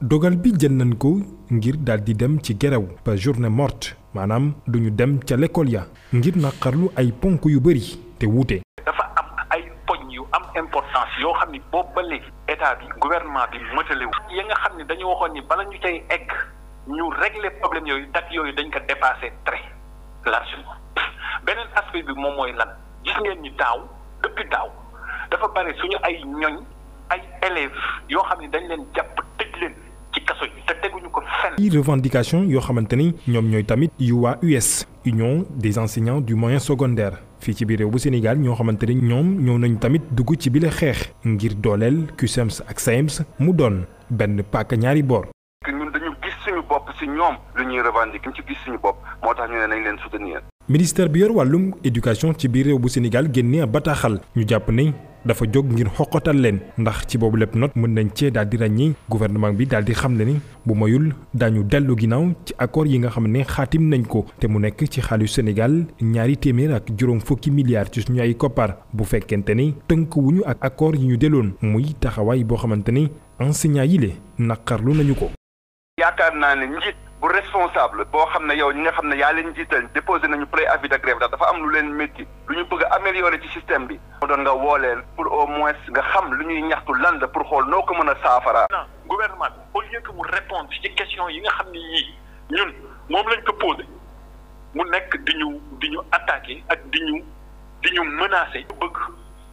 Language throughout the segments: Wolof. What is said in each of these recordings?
dogal bi jël nañ ko ngir daal di dem ci gerew ba journée morte maanaam duñu dem ca l'école ya ngir naqarlu ay ponk yu bëri te wuute. dafa am ay poñ yu am importance yoo xam ni boobu ba état bi gouvernement bi mëtale wu. ya nga xam ne dañu waxoon ni bala ñu cay egg ñu régler problème yooyu date yooyu dañ ko dépassé très largement beneen aspect bi moom mooy lan gis ngeen ni daaw depuis daaw dafa bare suñu ay ñoñ ay élèves yoo xam ne dañ leen jàpp. i revendication yoo xamante ni ñoom ñooy tamit yu waa US Union des enseignants du moyen secondaire fii ci biir réew bu Sénégal ñoo xamante ni ñoom ñëw nañu tamit dugg ci bile xeex ngir dooleel CUSEMS ak SAEMS mu doon benn pàkk ñaari boor. ñun dañu gis suñu bopp si ñoom lu ñuy revendiquer ci gis suñu bopp moo tax ñu ne nañ leen soutenir. ministère bi yor wàllum éducation ci biir réew bu Sénégal génnee bataaxal ñu jàpp nañ dafa jóg ngir xoqatal leen ndax ci boobu lépp not mën nañ cee daal di ràññi gouvernement bi daal di xam ne ni bu mayul daañu dellu ginnaaw ci accord yi nga xam ne xaatim nañ ko te mu nekk ci xaalis Sénégal ñaari téeméer ak juróom fukki milliards ci suñu ay koppar bu fekkente ni tënk wuñu ak accord yi ñu deloon muy taxawaay boo xamante ni enseignant yi le naqarlu nañu ko. bu responsable boo xam ne yow ñi nga xam ne yaa leen jiital déposé nañu préavis de grève ndax dafa am lu leen métti lu ñu bëgg a améliorer ci système bi. moo doon nga wooleel pour au moins nga xam lu ñuy ñaxtu lan pour xool noo ko mën a saafara. gouvernement bi au lieu que mu répondre ci question yi nga xam ni yii ñun moom lañ ko posé mu nekk di ñu di ñu attaque ak di ñu di ñu menacé. bëgg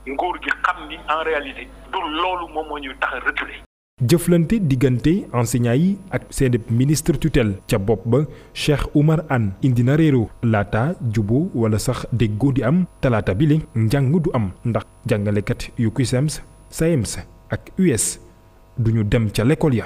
nguur gi xam ni en réalité. du loolu moom moo ñuy tax a jëflante diggante enseignants yi ak seen ministre tutelle ca bopp ba Cheikh Oumar Anne indi na réeroo laata juboo wala sax déggoo di am talaata bi li njàng du am ndax jàngalekat yu CUSEMS SAEMS ak US duñu dem ca lekkool ya